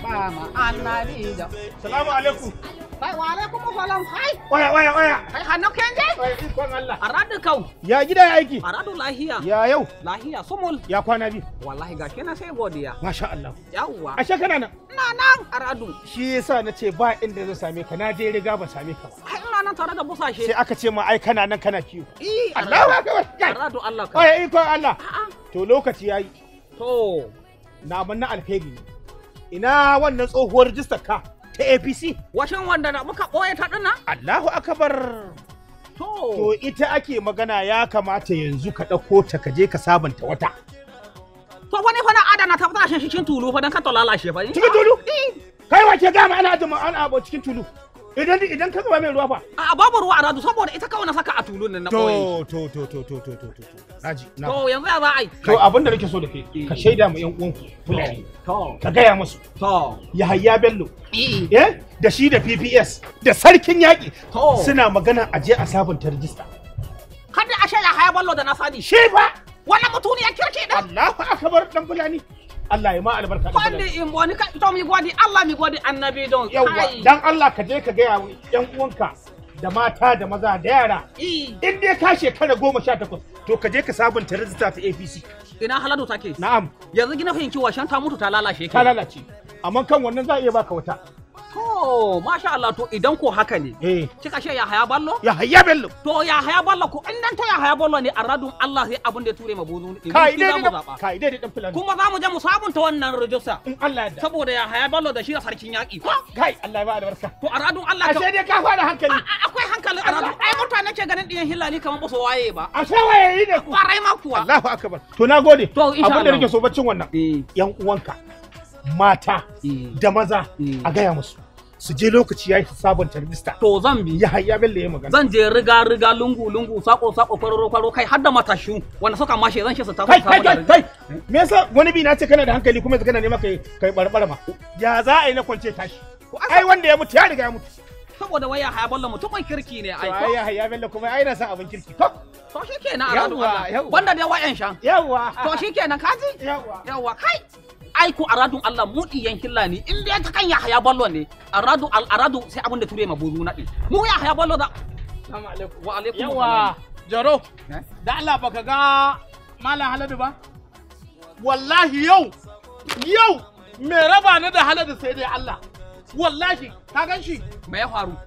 ba ma da salamu alaikum bai wa alaikum salam hai oya oya oya kai hannu kenje oya ikon Allah aradu kau ya gida ya aiki aradu lahiya ya yau lahiya sumul ya kwana bi wallahi ga kenan sai godiya masha Allah yawwa ashe kana nan ina nan aradu shi yasa nace ba inda zan same ka na je riga ba same ka ba nan tare da busashe. Sai aka ce ma ai kana nan kana kiwo. Allah ba ka aradu Allah oya Ai iko Allah. To lokaci yayi. To. Na mun na alheri ne. ina wannan tsohuwar rijistar ka ta apc washin wanda na muka ɓoye ta dinnan allahu akabar to to ita ake magana ya kamata yanzu ka ɗauko ta ka je ka sabunta wata to wani fa na adana ta fita shi cikin tulu fa dan ka to lalace fa cikin tulu eh. kai wa ke ga ma ana ana cikin tulu Idan idan ka zuba mai ruwa fa. A babu ruwa a radu saboda ita kawai na saka a tulun nan na koyi. To to to to to to to to. Naji. To yanzu ya za a yi. To abin da nake so da kai eh. ka shaida mu yan uwanku Fulani. To. Ka gaya musu. To. hayya Bello. Eh. eh da shi da PPS da sarkin yaki To. Suna magana a je a sabunta rijista. Kada a shaida Yahaya Bello da na Sadi. Shi fa. Wannan mutuniyar kirki din. Allahu akbar dan Fulani. Allah ya ma albarka da Wani in wani ka to mi godi Allah mi godi annabi don. Yawwa dan Allah ka je ka gaya yan uwanka da mata da maza da yara. In dai ka shekara goma sha takwas to ka je ka sabunta rajista ta APC. Ina haladu take. Na'am. Yanzu gina fahimci shan ta mutu ta lalace. Ta lalace. Amma kan wannan za a iya baka wata. Oh, masha Allah to idan ko haka ne. Eh. Kika ce ya haya ballo? Ya haya bello. To ya haya ballo ko in dan ta ya haya ballo ne a Allah sai abun da ture ma bozo ne. ide da ka ide da dan fulani. Kuma zamu je mu sabunta wannan rajista. In Allah ya Saboda ya haya ballo da shi da sarkin yaki. Kai Allah ya ba albarka. To a Allah ka. sai dai ka fara hankali. Akwai hankali a Ai mutane ke ganin din hilali kamar ba su waye ba. A sai waye yi ne ku. farai ma kuwa. Allahu akbar. To na gode. To insha Allah. abun da nake so baccin wannan. Yan eh. uwanka. mata eh. da maza eh. a gaya musu su je lokaci yi su sabunta rijista to zan bi ya hayya bello ya magana zan je riga riga lungu lungu sako sako kwararo kwaro kai har da matashu wanda suka mashe zan shi su ta kai kai kai me yasa wani bi na ce kana da hankali kuma yanzu kana nema kai kai barbara ma ya za a yi na kwance tashi ai wanda ya mutu ya riga ya mutu saboda waya haya bello mutumin kirki ne ai Ai ya haya bello kuma ai na san abin kirki to to shikenan a radu wanda. banda da wayan shan yawa to shikenan kaji yawa yawa kai aiku aradu Allah mu diyan killa ni in dai ta kan Yahaya Bello ne aradu al aradu sai abin da ture ma buzu na din mu Yahaya Bello da Assalamu alaikum wa alaikum yawa Jaro eh? da Allah baka ga Malam Haladu ba wallahi yau yau me raba ni da Haladu sai dai Allah wallahi ka gan shi me ya faru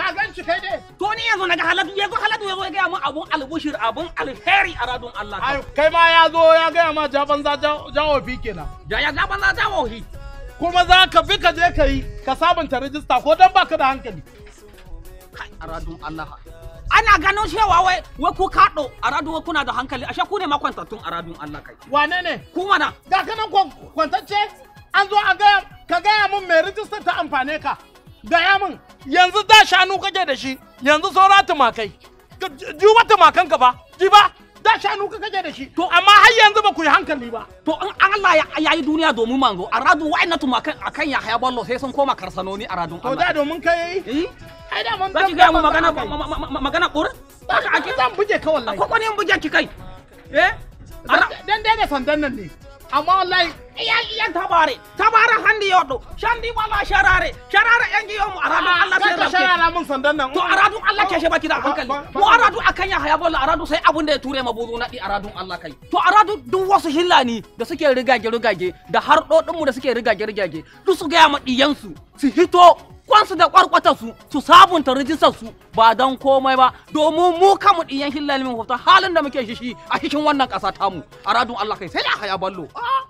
ka gan shi kai dai to ni yanzu naga halatu ya ga yazo ya gaya mun abun albushir abun alheri a radun Allah ai kai ma ya zo ya gaya ma ja banza jawo bi kenan da. ya ja banza jawo fi kuma za ka fi ka je ka yi ka sabunta rijista ko dan baka da hankali kai a radun Allah ana ganin cewa wai wai ku kaɗo a radun kuna da hankali ashe ku ne ma kwantattun a radun Allah kai wane ne ku mana ga kanan kwantacce an zo a gaya ka gaya mun me rijistar ta amfane ka gaya min yanzu da shanu kake da shi yanzu saura tumakai juba tumakan ka ba ji ba da shanu ka kake da shi to amma har yanzu ba ku yi hankali ba to in Allah ya yi duniya domin manzo a radu wa'annan tumakan akan ya haya ballo sai sun koma karsanoni a Allah to da domin kai yi eh? ai da mun ga mu magana magana kur ba ka ake zan buje ka wallahi ko ne mun buje ki kai eh dan dai da sandan nan ne amma wallahi iyan iyan tabare tabara handi yodo shandi wala sharare sharare yan giyo mu aradu ah, Allah sai rabke sharara mun sandan nan to aradu Allah ke shebaki da hankali mu aradu akan ya haya bolla aradu sai abun da ya ture ma bozo nadi aradu Allah kai to aradu duk wasu hillani da suke rigage rigage da har dodin mu da suke rigage rigage duk su ga ma diyan su su hito kwansu da kwarkwata su su sabunta rijistar su ba dan komai ba domin mu kamu diyan hillalmin min halin da muke shi a cikin wannan ƙasa tamu a radun Allah kai sai da haya ballo. Ah.